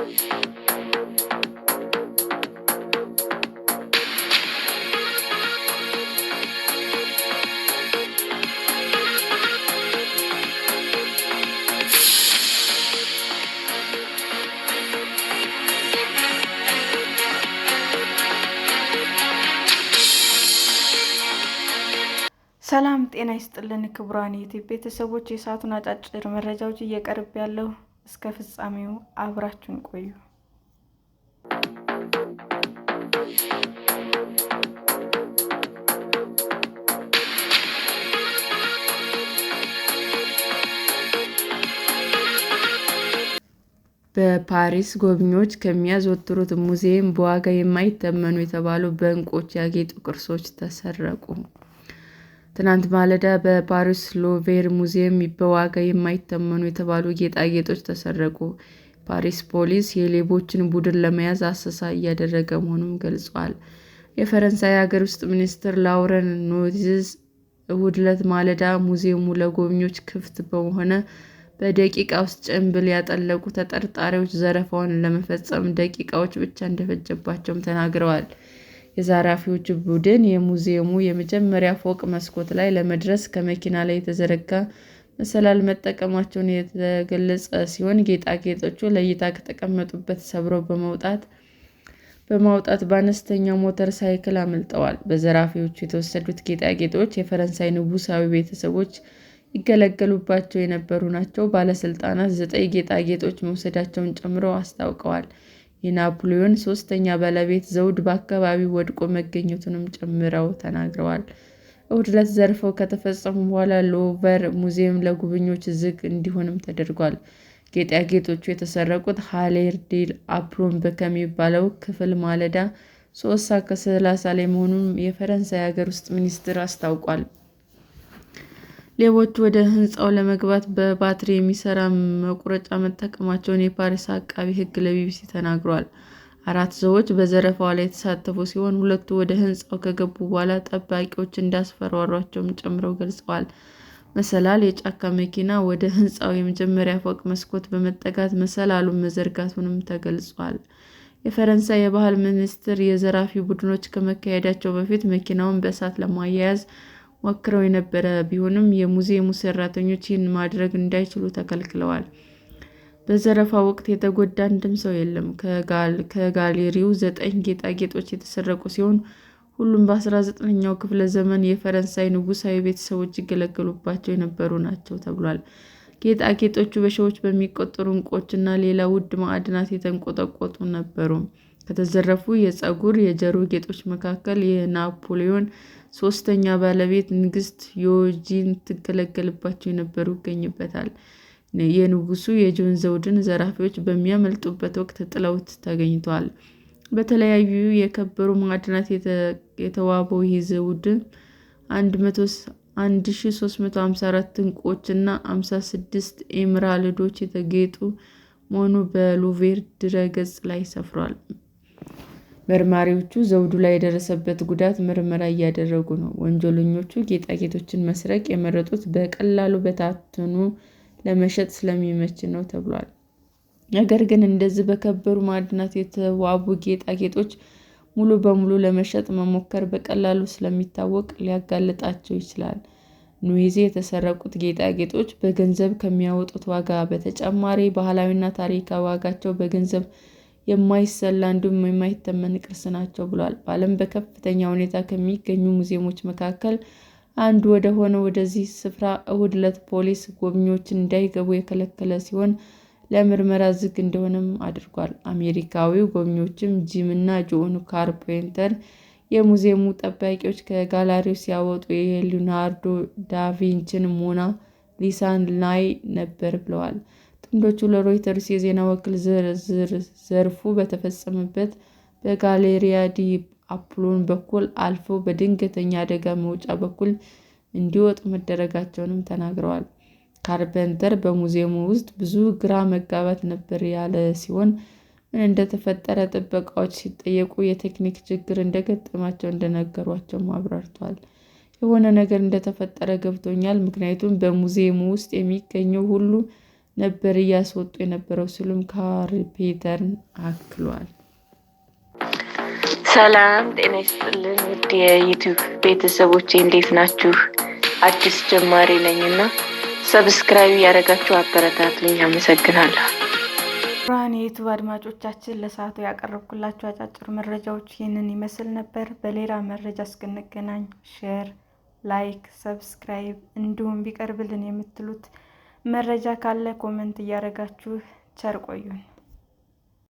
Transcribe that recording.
ሰላም ጤና ይስጥልን ክቡራን ዩቲዩብ ቤተሰቦች፣ የሰዓቱን አጫጭር መረጃዎች እየቀርብ ያለው እስከ ፍጻሜው አብራችን ቆዩ። በፓሪስ ጎብኚዎች ከሚያዘወትሩት ሙዚየም በዋጋ የማይተመኑ የተባሉ በእንቆች ያጌጡ ቅርሶች ተሰረቁ። ትናንት ማለዳ በፓሪስ ሉቭር ሙዚየም በዋጋ የማይተመኑ የተባሉ ጌጣጌጦች ተሰረቁ። ፓሪስ ፖሊስ የሌቦችን ቡድን ለመያዝ አሰሳ እያደረገ መሆኑም ገልጿል። የፈረንሳይ ሀገር ውስጥ ሚኒስትር ላውረን ኑዚዝ እሁድ ዕለት ማለዳ ሙዚየሙ ለጎብኚዎች ክፍት በሆነ በደቂቃ ውስጥ ጭንብል ያጠለቁ ተጠርጣሪዎች ዘረፋውን ለመፈጸም ደቂቃዎች ብቻ እንደፈጀባቸውም ተናግረዋል። የዘራፊዎቹ ቡድን የሙዚየሙ የመጀመሪያ ፎቅ መስኮት ላይ ለመድረስ ከመኪና ላይ የተዘረጋ መሰላል መጠቀማቸውን የተገለጸ ሲሆን፣ ጌጣጌጦቹ ለእይታ ከተቀመጡበት በመውጣት በማውጣት በአነስተኛ ሞተር ሳይክል አምልጠዋል። በዘራፊዎቹ የተወሰዱት ጌጣጌጦች የፈረንሳይ ንጉሳዊ ቤተሰቦች ይገለገሉባቸው የነበሩ ናቸው። ባለስልጣናት ዘጠኝ ጌጣጌጦች መውሰዳቸውን ጨምሮ አስታውቀዋል። የናፖሊዮን ሶስተኛ ባለቤት ዘውድ በአካባቢው ወድቆ መገኘቱንም ጨምረው ተናግረዋል። እሁድ ዕለት ዘርፈው ከተፈጸሙ በኋላ ሉቭር ሙዚየም ለጉብኞች ዝግ እንዲሆንም ተደርጓል። ጌጣጌጦቹ የተሰረቁት ሃሌር ዴል አፕሮምብ ከሚባለው ክፍል ማለዳ ሶስት ሰዓት ከሰላሳ ላይ መሆኑን የፈረንሳይ ሀገር ውስጥ ሚኒስቴር አስታውቋል። ሌቦቹ ወደ ህንፃው ለመግባት በባትሪ የሚሰራ መቁረጫ መጠቀማቸውን የፓሪስ አቃቢ ህግ ለቢቢሲ ተናግሯል። አራት ሰዎች በዘረፋው ላይ የተሳተፉ ሲሆን ሁለቱ ወደ ህንፃው ከገቡ በኋላ ጠባቂዎች እንዳስፈራሯቸውም ጨምረው ገልጸዋል። መሰላል የጫካ መኪና ወደ ህንፃው የመጀመሪያ ፎቅ መስኮት በመጠጋት መሰላሉን መዘርጋቱንም ተገልጿል። የፈረንሳይ የባህል ሚኒስትር የዘራፊ ቡድኖች ከመካሄዳቸው በፊት መኪናውን በእሳት ለማያያዝ ሞክረው የነበረ ቢሆንም የሙዚየሙ ሰራተኞች ይህን ማድረግ እንዳይችሉ ተከልክለዋል። በዘረፋ ወቅት የተጎዳ አንድም ሰው የለም። ከጋሌሪው ዘጠኝ ጌጣጌጦች የተሰረቁ ሲሆን ሁሉም በ19ኛው ክፍለ ዘመን የፈረንሳይ ንጉሳዊ ቤተሰቦች ይገለገሉባቸው የነበሩ ናቸው ተብሏል። ጌጣጌጦቹ በሺዎች በሚቆጠሩ ዕንቁዎችና ሌላ ውድ ማዕድናት የተንቆጠቆጡ ነበሩ። ከተዘረፉ የፀጉር የጆሮ ጌጦች መካከል የናፖሊዮን ሶስተኛ ባለቤት ንግሥት ዮጂን ትገለገልባቸው የነበሩ ይገኝበታል። የንጉሱ የጆን ዘውድን ዘራፊዎች በሚያመልጡበት ወቅት ጥለውት ተገኝተዋል። በተለያዩ የከበሩ ማዕድናት የተዋበው ይህ ዘውድ 1354 ዕንቁዎች እና 56 ኤምራልዶች የተጌጡ መሆኑ በሉቬር ድረ-ገጽ ላይ ሰፍሯል። መርማሪዎቹ ዘውዱ ላይ የደረሰበት ጉዳት ምርመራ እያደረጉ ነው። ወንጀለኞቹ ጌጣጌጦችን መስረቅ የመረጡት በቀላሉ በታተኑ ለመሸጥ ስለሚመች ነው ተብሏል። ነገር ግን እንደዚህ በከበሩ ማዕድናት የተዋቡ ጌጣጌጦች ሙሉ በሙሉ ለመሸጥ መሞከር በቀላሉ ስለሚታወቅ ሊያጋልጣቸው ይችላል። ኑይዜ የተሰረቁት ጌጣጌጦች በገንዘብ ከሚያወጡት ዋጋ በተጨማሪ ባህላዊና ታሪካዊ ዋጋቸው በገንዘብ የማይሰላ እንዲሁም የማይተመን ቅርስ ናቸው ብሏል። በዓለም በከፍተኛ ሁኔታ ከሚገኙ ሙዚየሞች መካከል አንዱ ወደ ሆነ ወደዚህ ስፍራ እሁድ ዕለት ፖሊስ ጎብኚዎችን እንዳይገቡ የከለከለ ሲሆን ለምርመራ ዝግ እንደሆነም አድርጓል። አሜሪካዊው ጎብኚዎችም ጂም እና ጆን ካርፔንተር የሙዚየሙ ጠባቂዎች ከጋላሪው ሲያወጡ የሊዮናርዶ ዳቪንችን ሞና ሊሳን ላይ ነበር ብለዋል። ጥንዶቹ ለሮይተርስ የዜና ወኪል ዝርዝር ዘርፉ በተፈጸመበት በጋሌሪያ ዲ አፕሎን በኩል አልፈው በድንገተኛ አደጋ መውጫ በኩል እንዲወጡ መደረጋቸውንም ተናግረዋል። ካርፔንተር በሙዚየሙ ውስጥ ብዙ ግራ መጋባት ነበር ያለ ሲሆን ምን እንደተፈጠረ ጥበቃዎች ሲጠየቁ የቴክኒክ ችግር እንደገጠማቸው እንደነገሯቸው አብራርቷል። የሆነ ነገር እንደተፈጠረ ገብቶኛል፣ ምክንያቱም በሙዚየሙ ውስጥ የሚገኘው ሁሉ ነበር እያስወጡ የነበረው ሲሉም ካርፔተርን አክሏል። ሰላም ጤና ይስጥልን ውድ የዩቱብ ቤተሰቦች እንዴት ናችሁ? አዲስ ጀማሪ ነኝ እና ሰብስክራይብ እያደረጋችሁ አበረታትልኝ። አመሰግናለሁ። ብርሃን የዩቱብ አድማጮቻችን ለሰዓቱ ያቀረብኩላችሁ አጫጭር መረጃዎች ይህንን ይመስል ነበር። በሌላ መረጃ እስክንገናኝ ሼር፣ ላይክ፣ ሰብስክራይብ እንዲሁም ቢቀርብልን የምትሉት መረጃ ካለ ኮመንት እያደረጋችሁ ቸር ቆዩን።